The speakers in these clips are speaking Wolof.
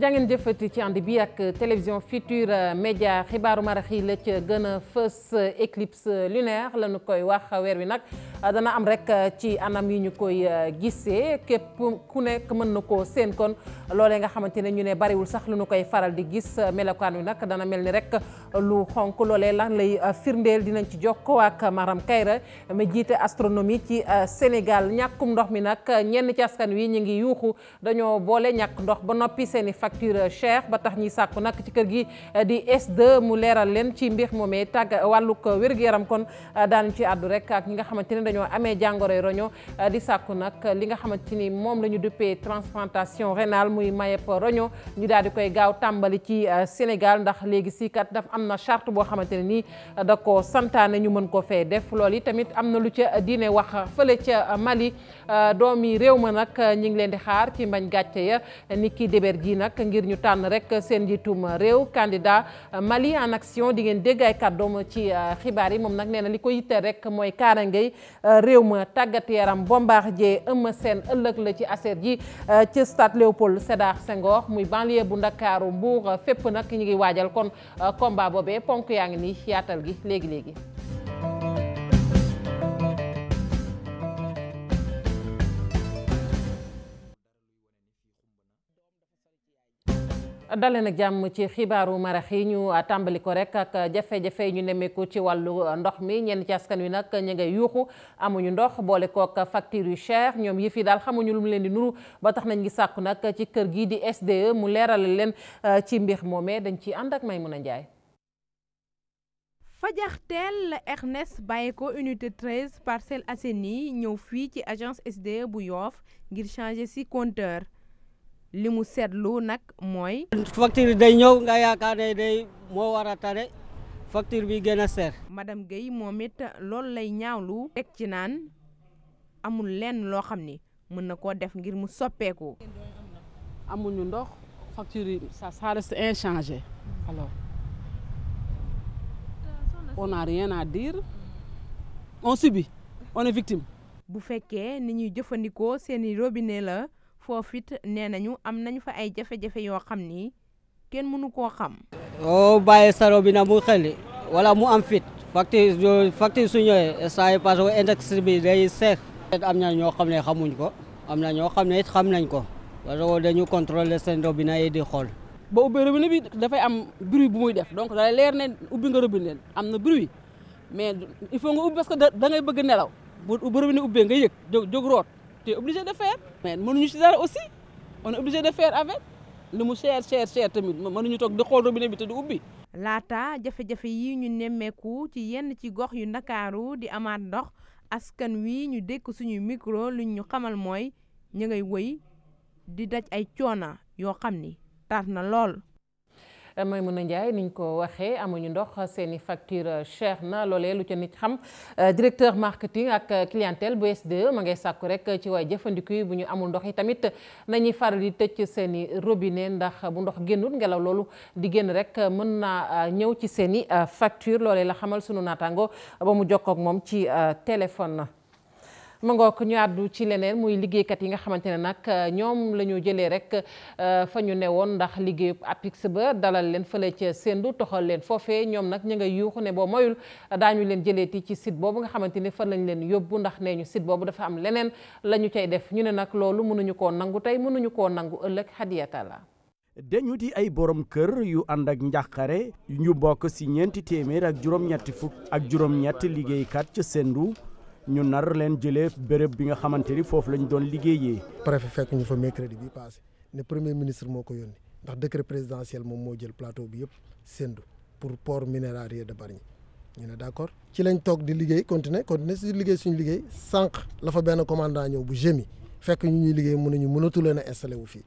jàngeen jëfati ci ànd bi ak télévision Futur Média xibaaru marax yi la ca gën a fës éclipse lunaire la ñu koy wax weer wi nag dana am rek ci anam yi ñu koy gisee képp ku nekk mën na ko seen kon loolee nga xamante ne ñu ne bariwul sax lu ñu koy faral di gis melokaan wi nag dana mel ni rek lu xonk loole lan lay firndeel dinañ ci jokkoo ak Maram Kayra ma jiite astronomie ci Sénégal ñàkkum ndox mi nag ñenn ci askan wi ñu ngi yuuxu dañoo boole ñàkk facture ba tax ñiy sàkku nag ci kër gi eh, di sd mu leeral leen ci mbir moomee tàgg eh, wàllug wér-gu-yaram kon eh, daanu ci àddu rek ak ñi nga xamante ne dañoo amee jàngoroy roño di sàkku nag li nga xamante ni moom la ñu duppee transplantation rénale muy mayep roño ñu daal di koy gaaw tàmbali ci Sénégal ndax léegi si daf am na charte boo xamante ne nii da ko santaane ñu mën ko fee def loolu yi tamit am na lu ca diine wax fële ca Mali doomi réew ma nag ñi ngi leen di xaar ci mbañ gàcce ya ni ki débér ji nag ngir ñu tànn rek seen njiitum réew candidat Mali en action di ngeen dégg ay kàddoom ci euh, xibaar yi moom nag nee na li ko yitteel rek mooy kaara kaarangey euh, réew ma tàggat yaram Bombardier Eumeu seen ëllëg la ci aser ji euh, ci stade Léopold Sédar Senghor muy banlieue bu Ndakaaru Mbuur fépp nag ñu ngi waajal kon combat boobee ponk yaa ngi nii yaatal gi léegi léegi. dale nag jàmm ci xibaaru marax yi ñu tàmbali ko rek ak jafe-jafe yi ñu nemmeeku ci wàllu ndox mi ñenn ci askan wi nag ñu ngay yuuxu amuñu ndox boole kook facture yu cher ñoom yi yi daal xamuñu lu mu leen di nuru ba tax nañ ngi sàkku nag ci kër gi di SDE mu leerale leen uh, ci mbir moomee dañ ci ànd ak Maymuna Njaay fajaxteel Ernest bàyyi ko unité parcelle Parcelles Assainies ñëw fii ci agence SDE bu Yoff ngir changer si conteur li mu seetlu nag mooy. facture day ñëw nga yaakaar ne day moo war a tane facture bi gën a seer. madame Guèye moom it loolu lay ñaawlu. teg ci naan amul lenn loo xam ni mën na koo def ngir mu soppeeku. amuñu ndox facture yi ça ça inchangé alors on n'a rien à on subit on est bu fekkee ni ñuy jëfandikoo seeni robine la. foofu it nee nañu am nañu fa ay jafe-jafe yoo xam ni kenn mënu koo xam. oo oh, bàyyi saro bi na mu xel wala mu am fit facture facture su ñëwee saa yi parce que index bi day seex. am na ñoo xam ne xamuñ ko am na ñoo xam ne it xam nañ ko parce que dañu contrôler seen robinet yi di xool. ba ubbee robinet bi dafay am bruit bu muy def donc da leer ne ubbi nga robinet am na bruit mais il faut nga ubbi parce que da ngay bëgg nelaw bu robinet ubbee nga yëg jóg root. te es obligé de faire mais mënuñu ci dara aussi on est obligé de faire avec lu mu cher cher cher tamit mënuñu toog di xool robinet bi te di ubbi. laata jafe-jafe yi ñu nemmeeku ci yenn ci gox yu ndakaaru di amaat ndox askan wi ñu dékk suñuy micro luñ ñu xamal mooy ñu ngay wëy di daj ay coona yoo xam ni tar na lool. may Maimouna Ndiaye niñ ko waxee amuñu ndox seeni i facture cher na loolee lu ca nit xam euh, directeur marketing ak clientèle bu SDE ma ngay sàkku rek ci waay jëfandiku bu ñu amul ndox yi tamit nañuy faral di tëcc seen i robinet ndax bu ndox génnut ngelaw loolu di génn rek mën naa euh, ñëw ci seen i euh, facture loole la xamal sunu naataango ba mu jokkook moom ci téléphone na ma ngoog ñu àddu ci leneen muy liggéeykat yi nga xamante ne nag euh, ñoom la ñu jëlee rek euh, fa ñu ne woon ndax liggéey APIX ba dalal leen fële ca Sendou toxal leen foofee ñoom nag ña nga yuuxu ne boo moyul daañu leen ti ci site boobu nga xamante ni fan lañ leen yóbbu ndax nee ñu site boobu dafa am leneen lañu ñu cay def ñu ne nag loolu mënuñu ko nangu tey mënuñu koo nangu ëllëg hadiyatala dañu di ay boroom kër yu ànd ak njàqare ñu bokk si ñeenti téeméer ak juróom-ñetti ak juróom-ñett liggéeykat ca Sendou ñu nar leen jëlee béréb bi nga xamante ni foofu lañ doon liggéeyee. préfet fekk ñu fa mercredi bi passé ne premier ministre moo ko yónni ndax décret présidentiel moom moo jël plateau bi yëpp séndu pour port minéralier de Bargny ñu ne d' accord ci lañ toog di liggéey continuer continuer si liggéey suñu liggéey sànq la fa benn commandant ñëw bu gémi fekk ñu ñuy liggéey mun ne ñu mënatu leen a installé wu fii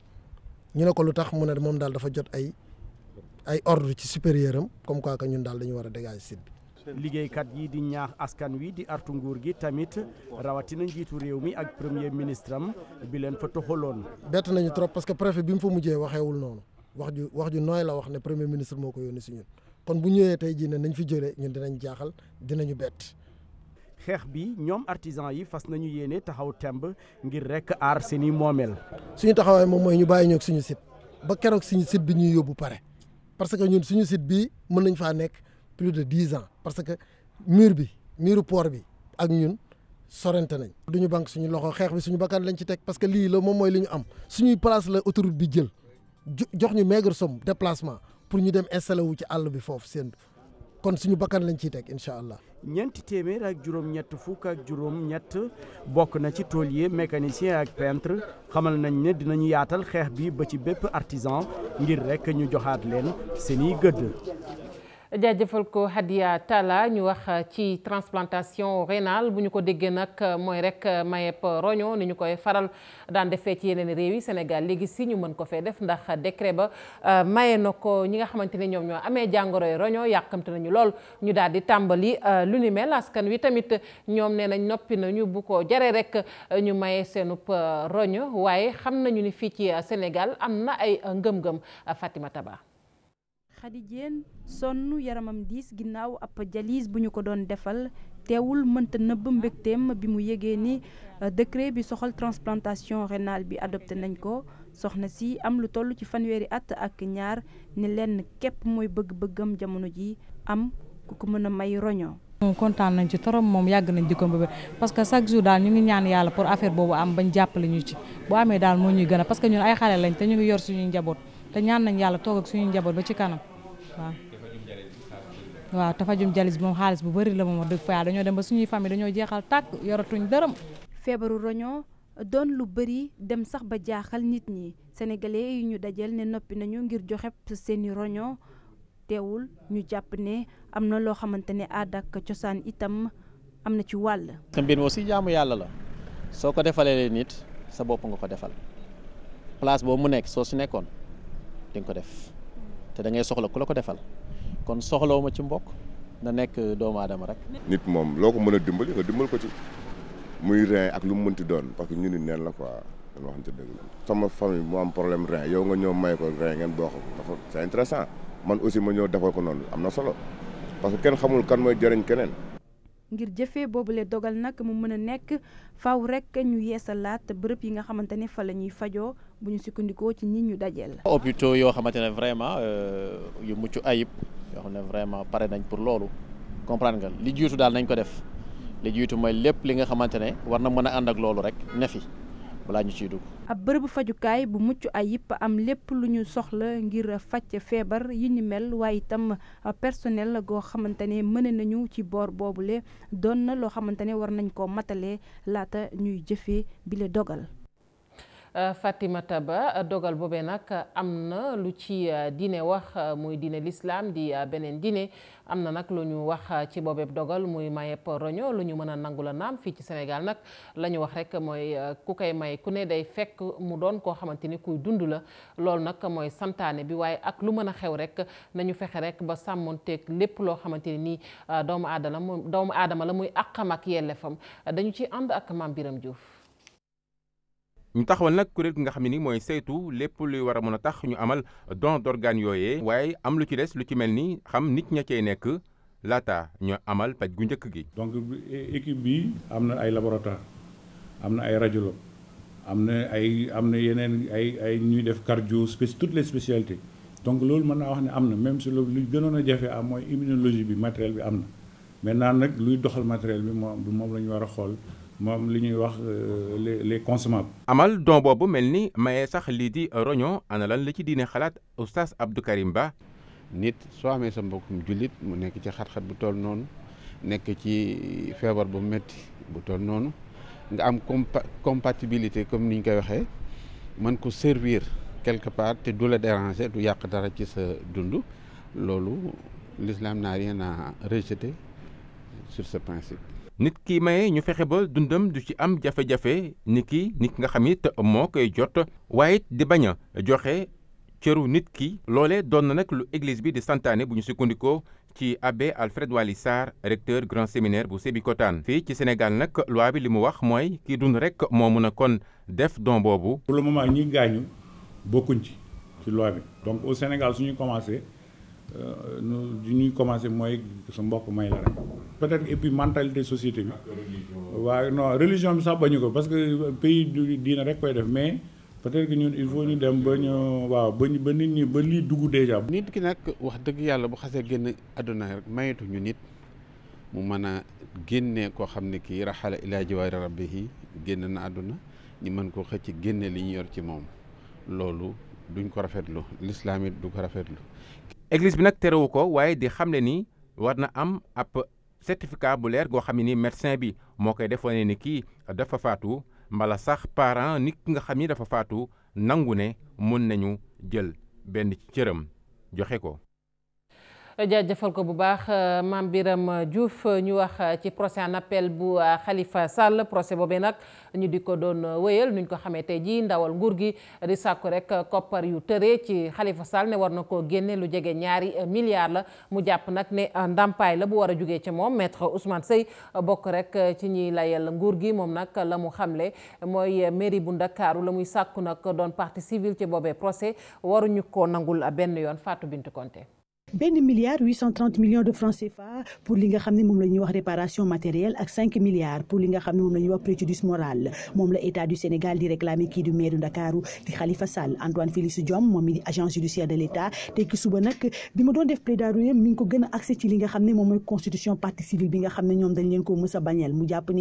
ñu ne ko lu tax mu ne moom daal dafa jot ay ay ordre ci supérieur am comme quoi que war a dégager site bi liggéeykat yi di ñaax askan wi di artu nguur gi tamit rawatina njiitu réew mi ak premier ministre am bi leen fa toxaloon. bett nañu trop parce que préfet bi mu fa mujjee waxewul noonu wax ju wax ju nooy la wax ne premier ministre moo ko yónni si ñun kon bu ñëwee tey jii ne nañ fi jëlee ñun dinañ jaaxal dinañu bett. xeex bi ñoom artisan yi fas nañu yéene taxaw temb ngir rek aar seeni moomeel. suñu taxawaay moom mooy ñu bàyyi ñoog suñu site ba keroog suñu site bi ñuy yóbbu pare parce que ñun suñu site bi mën nañ faa nekk. plus de dix ans parce que mur bi miiru port bi ak ñun sorente nañ duñu banque suñu loxo xeex bi suñu bakkan lañ ci teg parce que lii la moom mooy li ñu am suñuy place la autoroute bi jël jox ñu maigre somme déplacement pour ñu dem installé wu ci àll bi foofu seen kon suñu bakkan lañ ciy teg incha allah. ñeenti téeméer ak juróom-ñett fukk ak juróom-ñett bokk na ci tôlier mécanicien ak peintre xamal nañ ne dinañu yaatal xeex bi ba ci bépp artisan ngir rek ñu joxaat leen seen i jaajëfal ko Hadia Talla ñu wax ci transplantation rénale bu ñu ko déggee nag mooy rek mayeb roño ni ñu koy faral daan defee ci yeneen réew yi Sénégal léegi si ñu mën ko fee def ndax décret ba euh, maye na ko ñi nga xamante ne ñoom ñoo amee jàngoro jàngoroy roño yàqamte nañu lool ñu daal di tàmbali euh, lu ni mel askan wi tamit ñoom nee nañ noppi nañu bu ko jaree rek ñu maye seenub euh, roño waaye xam nañu ni fii ci Sénégal am na ay ngëm-ngëm Fatima Taba Khady Diène sonn yaramam diis ginnaaw ab jalis bu ñu ko doon defal teewul mënta nëbb mbégteem bi mu yégee ni euh, décret bi soxal transplantation rénale bi adopté nañ ko soxna si am lu toll ci fanweeri at ak ñaar ni lenn képp mooy bëgg-bëggam jamono ji am ku ko mën a may roño moom kontaan nañ ci torop moom yàgg nañ di ko mbébé parce que chaque jour daal ñu ngi ñaan yàlla pour affaire boobu am bañ jàppale ñu ci bu amee daal moo ñuy gën a parce que ñun ñu yor suñuy njaboot ñaan nañ yàlla toog ak suñuy njaboot ba ci kanam waaw waaw tafajum jalis moom xaalis bu bari la moom wax dëgg fa dañoo dem ba suñuy famille dañoo jeexal tàkk yoratuñ dërëm feebaru roñoo doon lu bari dem sax ba jaaxal nit ñi sénégalais yi ñu dajal ne noppi nañu ngir joxe seeni roñoo teewul ñu jàpp ne am na loo xamante ne aada ak cosaan itam am na ci wàll mbir mi jaamu yàlla la soo ko defalee nit sa bopp nga ko defal place boobu mu nekk soo si nekkoon di ko def te da ngay soxla ku la ko defal kon soxlawu ma ci mbokk na nekk doomu aadama rek. nit moom loo ko mën a dimbali nga dimbal ko ci muy rein ak lu mu mënti doon parce que ñu ni neen la ko dañoo waxante dëgg sama mu am problème rein yow nga ñëw may ko ngeen bokk dafa c'est intéressant man aussi ma ñëw defal ko noonu am na solo parce que kenn xamul kan mooy jëriñ keneen. ngir jëfee boobule dogal nag mu mën a nekk faw rek ñu yeesalaat bërëb yi nga xamante ne fa la ñuy fajoo. bu ñu sukkandikoo ci nit ñu dajeel. hôpitaux yoo xamante ne vraiment euh, yu mucc ayib yoo xam vraiment pare nañ pour loolu comprendre nga li jiitu daal nañ ko def li jiitu mooy lépp li nga xamante ne war na mën a ànd ak loolu rek ne fi ab bërëbu fajukaay bu mucc ayib am lépp lu ñu soxla ngir faj feebar yi ni mel waaye itam personnel goo xamante ne mën nañu ci boor boobule doon na loo xamante ne war nañ koo matale laata ñuy jëfee bile dogal. Euh, Fatimata Ba euh, dogal boobe nag euh, am na lu ci dine wax muy dine lislaam di beneen dine am na nag lu ñu wax ci boobeeb dogal muy mayeeb roño lu ñu mën a nangu la naam fii ci Sénégal nag la ñu wax rek mooy ku koy may ku ne day fekk mu doon koo xamante ni kuy dund la loolu nag mooy santaane bi waaye ak lu mën a xew rek nañu fexe rek ba sàmmonteeg lépp loo xamante ni nii doomu aadama doomu aadama la muy àqam ak yellefam dañu ci ànd ak maam Biram Diouf ñu taxawal nag kuréel gi nga xam ne ni mooy saytu lépp luy war a mën a tax ñu amal don d'organe yooyee waaye am lu ci des lu ci mel ni xam nit ña cey nekk laata ñu amal paj gu njëkk gi. donc équipe bi am na ay laboratoire am na ay radiologue am na ay am na yeneen ay ay ñuy def cardio toutes les spécialités donc loolu mën naa wax ne am na même si lu gënoon a jafe am mooy immunologie bi matériel bi am na maintenant nag luy doxal matériel bi moom moom la ñu war a xool. moom li ñuy wax euh, les les consommables. amal don boobu mel ni maye sax lii di roño ana lan la ci diine xalaat oustaz Abdou Karim Ba. nit soo amee sa mbokkum jullit mu nekk ci xat-xat bu tool noonu nekk ci feebar bu metti bu toll noonu nga am compa compatibilité comme ni koy waxee mën ko servir quelque part te du la déranger du yàq dara ci sa dund loolu l'islam n'a rien à rejeter sur ce principe. nit ki maye ñu fexe ba dundam du ci am jafe-jafe ni ki nit nga xam it moo koy jot waaye it di bañ a joxe cëru nit ki loole doon na nag lu église bi di santaane bu ñu sukkandikoo ci abbé Alfred walli Sarr recteur grand séminaire bu Sébikotane fii ci Sénégal nag loi bi li mu wax mooy kii dund rek moo mën a kon def don boobu. pour le moment ñi gaañu bokkuñ ci ci loi bi donc au Sénégal suñu commencé. Euh, nu ñuy commencé mooy su mbokk may la rek peut-être et puis mentalité société bi waaw non religion bi sax ba ñu ko parce que pays diina rek koy def mais peut-être que ñu dem ba ñu waaw ba ñu nit ñi ba lii dugg déjà. nit ki nag wax dëgg yàlla bu xasee génn àdduna rek mayetu ñu nit mu mën a génnee koo xam ne kii raxala ilaa jiwaari rabbihi génn na àdduna ñu mën ko xëcc génne li ñu yor ci moom loolu duñ ko rafetlu lislaam it du ko rafet rafetlu. église bi nag terewu ko waaye di xamle ni war na am ab certificat bu goo xam ne ni médecin bi moo koy defoon ne ni kii dafa faatu mbala sax parent nit nga xam ni dafa faatu nangu ne mun nañu jël benn ci cëram joxe ko. jaajëfal ko bu baax euh, Mame Birame Diouf euh, ñu wax euh, ci procès en appel bu xalifa Sall procès boobee nag ñu di ko doon wéyal nuñ ko xamee tey jii ndawal nguur gi di sàkku rek koppar yu tëre ci xalifa Sall ne war na koo génne lu jege ñaari milliards la mu jàpp nag ne ndàmpaay la bu war a jugee ci moom maître Ousmane Seye bokk rek ci ñiy layal nguur gi moom nag la mu xamle mooy mairie bu Ndakaaru la muy sàkku nag doon partie civile ci boobee procès waruñu ko nangu benn yoon Fatou Bintou Konté benn milliard huit cent trente millions de francs CFA pour li nga xam ne moom la ñuy wax réparation matérielle ak milliards pour li nga xam ne moom la ñuy wax préjudice moom la état du Sénégal moom a ne moom mooy constitution partie civile bi a bañeel mu jàpp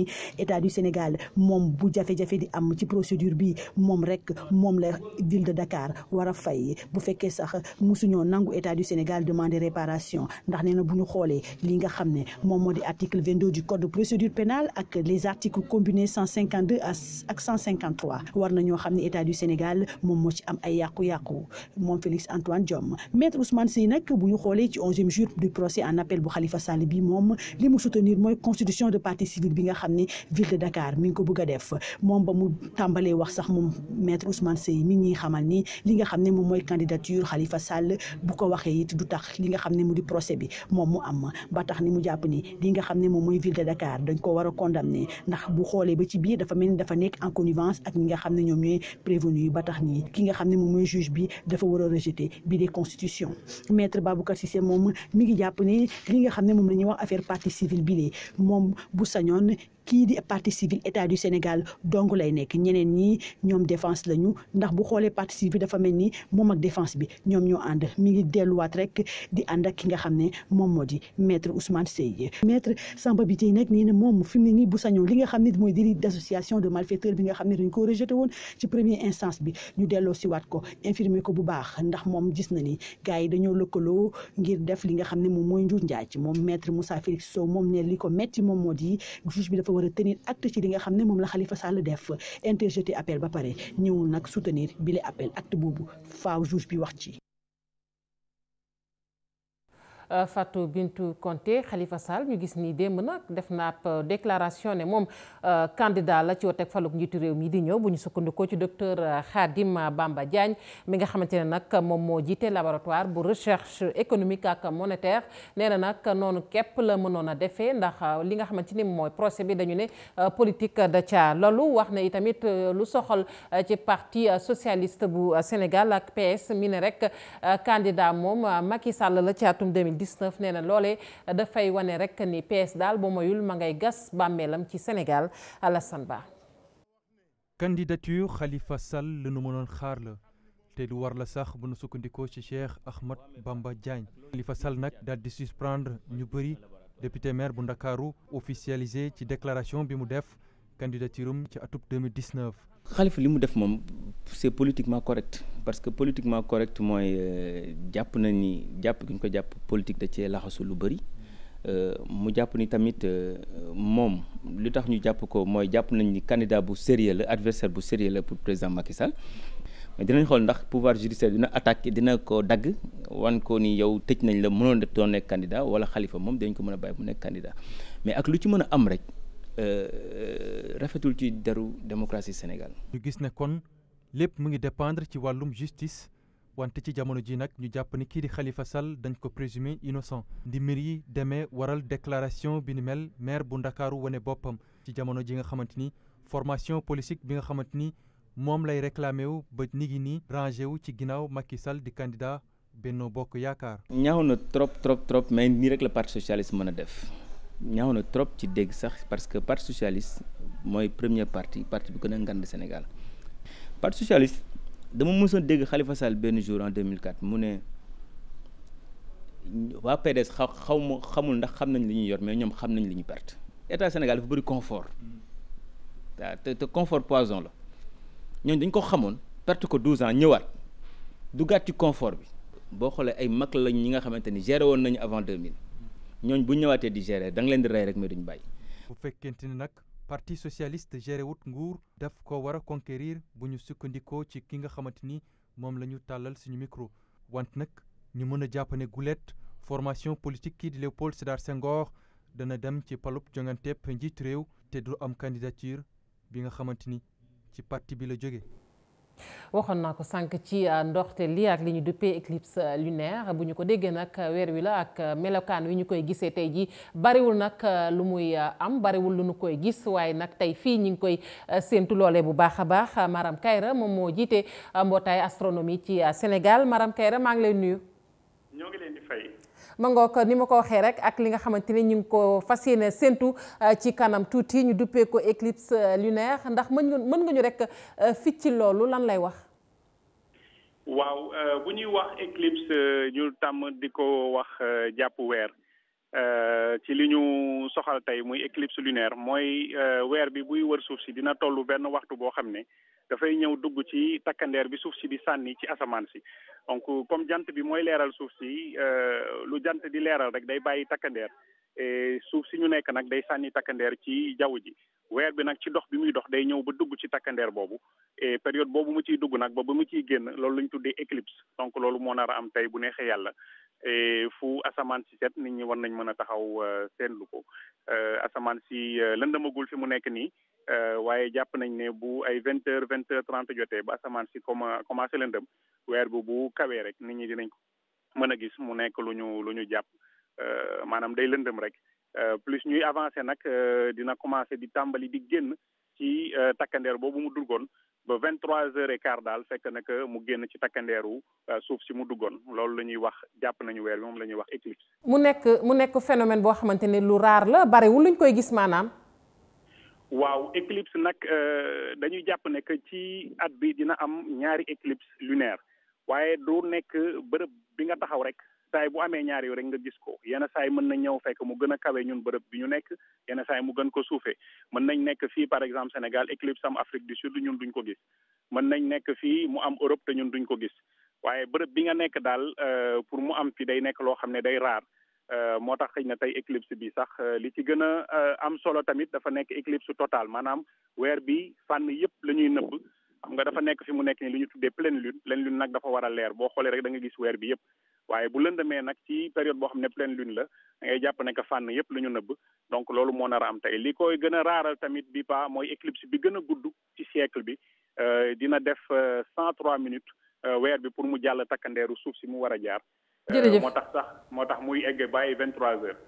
moom bu jafe-jafe di am ci procédure bi moom rek moom la ville de Dakar war a fay bu fekkee sax musuñoo nangu état du Sénégal demander réparation ndax nee bu ñu xoolee li nga xam ne moom moo di article du code de procédure pénale ak les articles combinés ak 153 ñoo xam ne état du Sénégal moom moo ci am ay yàqu-yàqu moom Félix Antoine Diome maître Ousmane Sy nag bu ñu xoolee ci onzième jour du procès en appel bu Khalifa Sall bi moom li mu soutenir mooy constitution de partie civile bi nga xam ne ville de Dakar mi ko bëgg a def moom ba mu tàmbalee wax sax moom maître Ousmane li nga xam ne mu di procès bi moom mu am ba tax ni mu jàpp nii li nga xam ne moom mooy ville de Dakar dañ ko war a condamner ndax bu xoolee ba ci biir dafa mel ni dafa nekk en connivence ak ñi nga xam ne ñoom ñooy prévenu yi ba tax ni ki nga xam ne moom mooy juge bi dafa war a rejeter bi des constitution maître Baboucar Cissé moom mi ngi jàpp ni li nga xam ne moom la wax affaire partie civile bi lee moom bu sañoon kii di partie civile état du Sénégal dong lay nekk ñeneen ñi ñoom défense la ñu ndax bu xoolee partie civile dafa mel ni moom ak défense bi ñoom ñoo ànd mi ngi delluwaat rek di ànd ak ki nga xam ne moom moo di maître Ousmane Seye maître Samba bi tey nag nee moom fi mu ne nii bu sañoon li nga xam ne mooy délit d'association de malfaiteur bi nga xam ne dañ ko rejeté woon ci première instance bi ñu delloo siwaat ko infirmer ko bu baax ndax moom gis na ni gars yi dañoo lëkkaloo ngir def li nga xam ne moom mooy njuur njaaj moom maître Moussa Félix moom ne li ko metti moom moo di bi dafa dafa war a tenir acte ci li nga xam ne moom la xalifa Sall def interjeté appel ba pare ñëwul nag soutenir bile appel acte boobu faaw juge bi wax ci Euh, Fatou Bintou Konté Khalifa Sall ñu gis nii démb nag def naa euh, déclaration ne moom euh, candidat la ci woteeg faluk njiitu réew mii di ñëw bu ñu sukkandikoo ci docteur Khadim Bamba Diagne mi nga xamante ne nag moom moo jiite laboratoire bu recherche économique ak monetaire nee na nag noonu képp la mënoon a defee ndax li nga xamante ni mooy procès bi dañu ne politique da ca loolu wax na itamit lu soxal ci parti socialiste bu Sénégal ak PS mi ne rek candidat moom Macky Sall la ci atum 19 nee na loole dafay wane rek ni PS daal ba moyul ma ngay gas bàmmeelam ci Sénégal Alassane Ba candidature xalifa Sall lu nu mënoon xaar la te lu war la sax bu nu sukkandikoo ci Cheikh Ahmad Bamba Diagne Khalifa Sall nag daal di suspendre ñu bëri député maire bu Ndakaaru officialisé ci déclaration bi mu def candidaturam ci atub 2019 xalifa li mu def moom c'est politiquement correct parce que politiquement correct mooy euh, jàpp na ni jàpp gi ñu ko jàpp politique da cee laxasu lu bëri euh, mu jàpp ni tamit euh, moom lu tax ñu jàpp ko mooy jàpp nañ ni candidat bu sérieux la adversaire bu sérieux la pour président Macky Sall mais dinañ xool ndax pouvoir judiciaire dina attaque dina ko dagg wan ko ni yow tëj nañ la mënoon def doon nekk candidat wala xalifa moom dañ ko mën a bàyyi mu nekk candidat mais ak lu ci mën a am rek. Euh, euh, rafetul ci deru démocratie Sénégal. ñu gis ne kon lépp mu ngi dépendre ci wàllum justice wante ci jamono ji nag ñu jàpp ni kii di Khalifa Sall dañ ko présumé innocent ndi yi demee waral déclaration bi ni mel maire bu Ndakaaru wane boppam ci jamono ji nga xamante ni formation politique bi nga xamante ni moom lay réclamé wu ba ni ngi nii rangé wu ci ginnaaw Macky Sall di candidat Benno Bokk Yaakaar. ñaaw na trop trop trop mais nii rek la parti socialiste mën a def. ñaaw na trop ci dégg sax parce que parti socialiste mooy premier parti parti bi gën a ngand Sénégal parti socialiste dama mës dégg xalifa Sall benn jour en 2004 mu ne waa PDS xaw xaw ma xamul ndax xam nañ li ñuy yor mais ñoom xam nañ li ñu perte état Sénégal dafa bëri confort mm. waaw te te confort poison la ñooñu dañ ko xamoon perte ko 12 ans ñëwaat du gàtt ci confort bi boo xoolee ay mag lañ ñi nga xamante ni géré woon nañu avant 2000. ñooñ bu ñëwaatee di gérer da nga leen di rey rek mais duñ bàyyi. bu fekkente ni nag parti socialiste géré wut nguur daf ko war a conquérir bu ñu sukkandikoo ci ki nga xamante ni moom la ñu tàllal suñu micro want nag ñu mën a jàpp ne formation politique kii di Léopold Sédar Senghor dana dem ci palub jonganteep njiit réew te du am candidature bi nga xamante ni ci parti bi la jóge waxoon naa ko sànq ci euh, ndoxte li ak li ñu duppee éclipse euh, luneer bu ñu ko déggee nag euh, weer wi la ak melokaan wi ñu koy gisee tey jii bariwul nag lu muy am bariwul lu nu koy gis waaye nag tey fii ñu ngi koy séentu loolee bu baax a baax Maram Kayra moom moo jiite mbootaay astronomie ci Sénégal Maram Kayra maa ngi lay nuyu. mangook ni ma ko waxee rek ak li nga xamante ni ñu ngi ko fas yéene séntu euh, ci kanam tuuti ñu duppee ko éclipse euh, lunaire ndax mën nga mën nga ñu rek euh, fii ci loolu lan lay wax. waaw bu ñuy wax éclipse ñu tàmm di ko wax jàpp weer ci li ñu soxal tey muy éclipse lunaire mooy weer bi buy wër suuf si dina tollu benn waxtu boo xam ne. dafay ñëw dugg ci takkandeer bi suuf si di sànni ci asamaan si donc comme jant bi mooy leeral suuf si euh, lu jant di leeral rek day bàyyi takkandeer suuf si ñu nekk nag day sànni takkandeer ci jaww ji weer bi nag ci dox bi muy dox day ñëw ba dugg ci takkandeer boobu et période boobu mu ciy dugg nag ba ba mu ciy génn loolu lañu tuddee éclipse donc loolu moo nar am tey bu neexee yàlla fu asamaan si set nit ñi war nañ mën a taxaw euh, seetlu ko euh, asamaan si lëndëmagul fi mu nekk nii Euh, waaye jàpp nañ ne bu ay vingt heures vingt heures trente jotee ba asamaan si commen commencé lëndëm weer bi bu kawee rek nit ñi dinañ ko mën a gis mu nekk lu ñu lu ñu jàpp euh, maanaam day lëndëm rek euh, plus ñuy avancé nag dina commencé di tàmbali di génn ci takkandeer boobu mu duggoon ba vingt trois heures et daal fekk nag mu génn ci takkandeeru suuf si mu duggoon loolu la ñuy wax jàpp nañu weer bi moom la ñuy wax éclipse. mu nekk mu nekk phénomène boo waaw éclipse nag euh, dañuy jàpp ne que ci at bi dina am ñaari éclipse lunaire waaye du nekk bërëb bi nga taxaw rek saay bu amee ñaar yooyu rek nga gis ko yenn saay mën nañ ñëw fekk mu gën a kawe ñun bërëb bi ñu nekk yenn saay mu gën ko suufee mën nañ nekk fii par exemple Sénégal éclipse am Afrique du Sud ñun duñ ko gis mën nañ nekk fii mu am Europe te ñun duñ ko gis waaye bërëb bi nga nekk daal euh, pour mu am fii day nekk loo xam ne day raar Euh, moo tax xëy na tey éclipse bi sax euh, li ci gën a euh, am solo tamit dafa nekk éclipse total maanaam weer bi fànn yëpp la ñuy nëbb xam nga dafa nekk fi mu nekk nii li ñu tuddee pleine lune pleine lune nag dafa war a leer boo xoolee rek da nga gis weer bi yëpp waaye bu lëndamee nag ci période boo xam ne pleine lune la da ngay jàpp ne que fànn yëpp la ñu nëbb donc loolu moo nar a am tey li koy gën a raaral tamit bi pa mooy éclipse bi gën a gudd ci siècle bi dina def cent trois weer bi pour mu jàll takkandeeru suuf si mu war a jaar jërëjëf moo tax sax moo tax muy egg bàyyi vingt trois heures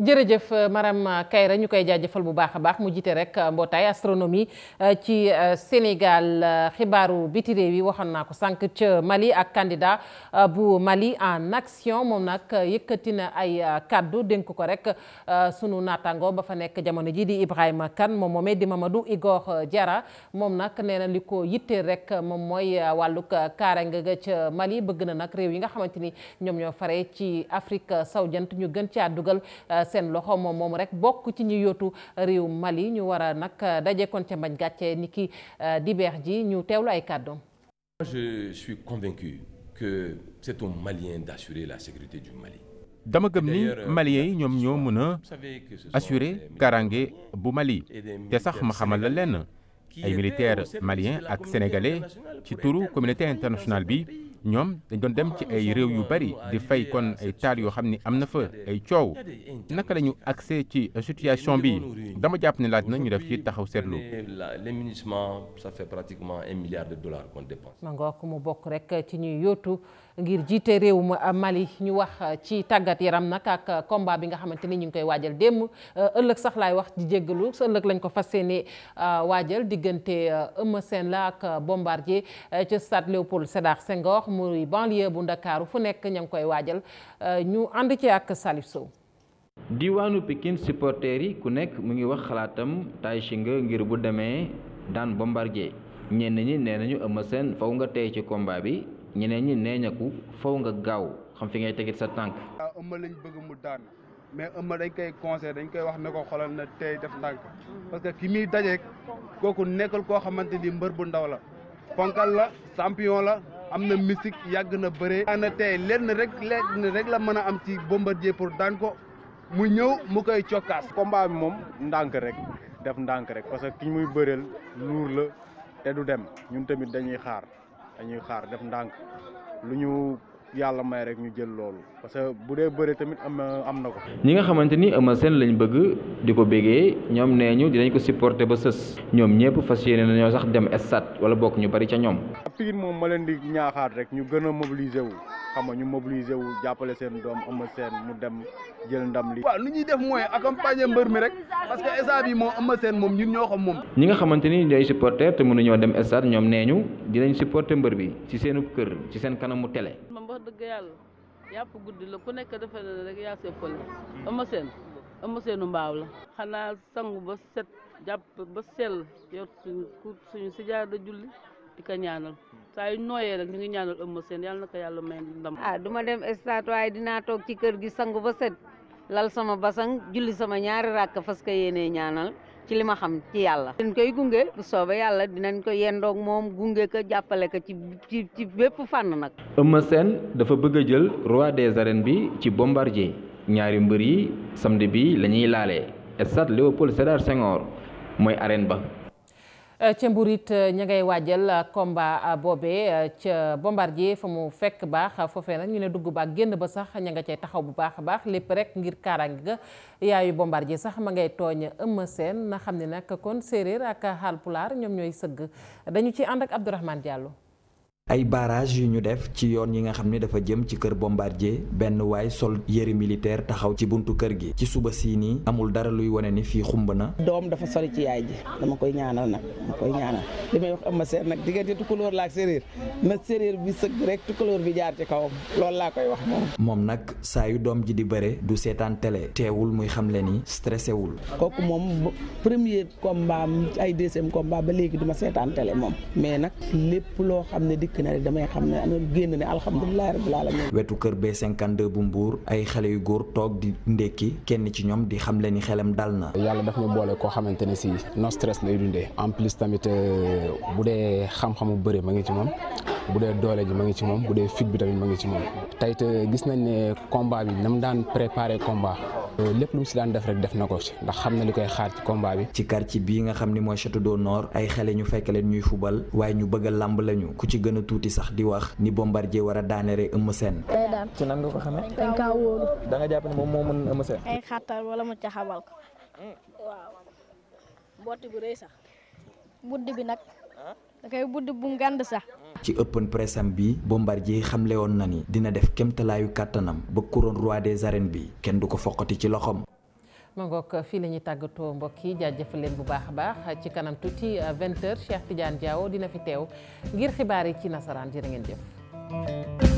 jërëjëf euh, Maram euh, Kayra ñu koy jaajëfal bu baax a baax mu jiite rek euh, mbootaay astronomie ci Sénégal xibaaru biti réew yi waxoon naa ko sànq ca Mali ak candidat bu Mali en action moom nag yëkkati na ay kàddu dénk ko rek sunu naataango ba fa nekk jamono ji di Ibrahima Kane moom moomee di du Igor jara moom nag nee na li ko yitte rek moom mooy wàllu kaaraange ga ca Mali bëgg na nag réew yi nga xamante ni ñoom ñoo fare ci Afrique sowu jant ñu gën caa dugal. seen loxo moom moom rek bokk ci ñu yootu réew Mali ñu war a nag euh, daje kon ca mbañ gàcce ni ki euh, dibeer ji ñu teewlu ay kàddoom. je que c'est aux Maliens d'assurer la sécurité du Mali. dama gëm ni maliens yi ñoom ñoo mën a assurer karange bu Mali te sax ma xamal la lenn ay militaires maliens ak sénégalais ci turu communauté international bi. ñoom dañ doon dem ci ay réew yu bari di fay kon ay taal yoo xam ni am na fa ay coow naka la ñu accès ci situation bi dama jàpp ne laaj na ñu def ci taxaw seetlu. l'émiettement ça fait pratiquement un milliard de dollars qu'on dépense. ma nga wax mu bokk rek ci ñuy yóotu. ngir jiite réewum Mali ñu wax uh, ci tàggat yaram nag ak uh, combat bi nga xamante ni ñu ngi koy waajal démb uh, ëllëg sax laay wax di jéggalu ëllëg lañ ko fa yéene waajal diggante Eumeu Sène la ak Bombardier ci stade Léopold Sédar Senghor muy banlieue bu Ndakaaru fu nekk ña ngi koy waajal ñu ànd ci ak Salif diwaanu Pikine supporters yi ku nekk mu ngi wax xalaatam Tay Shinga ngir bu demee daan Bombardier ñenn ñi nee nañu Eumeu seen faw nga tey ci combat bi. ñeneen ñi neeñaku faw nga gaaw xam fi ngay tegit sa tànk. waaw ah, ëmma lañ bëgg mu daan mais ëmma dañ koy conseil dañ koy wax ne ko xoolal na tey def ndànk parce que ki muy dajeek kooku nekkal koo xamante ni mbër bu ndaw la ponkal la champion la am na mystique yàgg na bëree. na tey lenn rek lenn rek la mën a am ci bombardier pour daan ko mu ñëw mu koy cokkaas. combat bi moom ndànk rek def ndànk rek parce que ki muy bëreel luur la te du dem ñun tamit dañuy xaar. dañuy xaar def ndànk lu ñu yàlla may rek ñu jël loolu parce que bu dee bëri tamit am am na ko. ñi nga xamante ni Eumeu Sène lañ bëgg di ko béggee ñoom nee ñu dinañ ko supporter ba sës. ñoom ñëpp fas yéene nañoo sax dem stade wala bokk ñu bari ca ñoom. Pikine moom ma leen di ñaaxaat rek ñu gën a mobiliser wu. xam nga ñu mobiliser wu jàppale seen doom Eumeu Sène mu dem jël ndam li waaw lu ñuy def mooy accompagner mbër mi rek parce que stade moom Eumeu Sène moom ñun ñoo xam moom. ñi nga xamante ni ñooy supporter te mënuñoo dem stade ñoom nee ñu dinañ supporter mbër bi ci seenu kër ci seen kanamu télé. moom yàpp guddi la ku nekk dafa la rek yaa see fële Eumeu Sène Eumeu mbaaw la xanaa sangu ba set jàpp ba sell yor suñu suñu sijaada julli. di ko ñaanal saa yu nooyee rek ñu ngi ñaanal Eumeu Sène yàlla na ko yàlla may ndam. ah du ma dem stade waaye dinaa toog ci kër gi sangu ba set lal sama basan julli sama ñaari rakk fas ko yéenee ñaanal ci li ma xam ci yàlla. dañ koy gunge bu yàlla dinañ ko yendoog moom gunge ko jàppale ko ci ci ci bépp fànn nag. Eumeu Sène dafa bëgg a jël roi des arènes bi ci bombardier ñaari mbër yi samedi bi la ñuy laalee stade Léopold Sédar mooy arène ba. Euh, ca Mburit euh, ña ngay waajal euh, combat boobe ca Bombardier fa mu fekk baax foofee nag ñu ne dugg ba génn ba sax ña nga cee taxaw bu baax a baax lépp rek ngir kaaraange ga yaayu Bombardier sax ma ngay tooñ Eumeu seen na xam ne nag kon séeréer ak Haalpulaar ñoom ñooy sëgg dañu ci ànd ak Abdourahmane Diallo ay barrage yu ñu def ci yoon yi nga xam ne dafa jëm ci kër bombardier benn waay sol yëre militaire taxaw ci buntu kër gi ci suba sii nii amul dara luy wane ni fii xumb na doom dafa sori ci yaay ji dama koy ñaanal nag dama koy ñaanal li may wax ama seen nag diggante tukulóor la ak séréer na séréer bi sëgg rek tukulóor bi jaar ci kawam loolu laa koy wax moom nag saa yu doom ji di bëre du seetaan télé teewul muy xam le ni stressé wul kooku moom premier combat ay deuxième combat ba léegi duma seetaan moom tukki damay xam ne ana génn ne alhamdulilahi rabbil alamin wetu kër B52 bu Mbour ay xale yu góor toog di ndékki kenn ci ñoom di xam leen ni xelam dal na yàlla daf ñu boole koo xamante ne si no stress dundee en plus tamit euh, bu dee xam-xamu bëri ma ngi ci moom bu dee doole ji ma ngi ci moom bu dee fit bi tamit ngi ci moom tey it gis nañ ne combat bi nam daan préparer combat euh, lépp lu mu si daan def rek def na ko ci ndax xam na li koy xaar ci combat bi. ci quartier bii nga xam ni mooy Château d'eau Nord ay xale ñu fekk leen ñuy fubal waaye ñu bëgg a làmb lañu ku ci gën tuuti sax di wax ni Bombardier war a daaneree Eumeu Sène. ci nan nga ko kaa wóolu. da nga moom moo mën Eumeu Sène. ay xàttal wala mu caxabal ko. waaw. bu rëy sax. buddi bi nag. Ah? da koy buddi gànd sax. ci open press am bi Bombardier xamle woon na ni dina def kéemtalaayu kàttanam ba couronne roi des arènes bi kenn du ko foqati ci loxoom. ma ngoog fii la ñuy tàggatoo mbokk yi jaajëfal leen bu baax a baax ci kanam tuuti 20h euh, Cheikh Tidiane dina fi teew ngir xibaar yi ci nasaraan jërë ngeen jëf.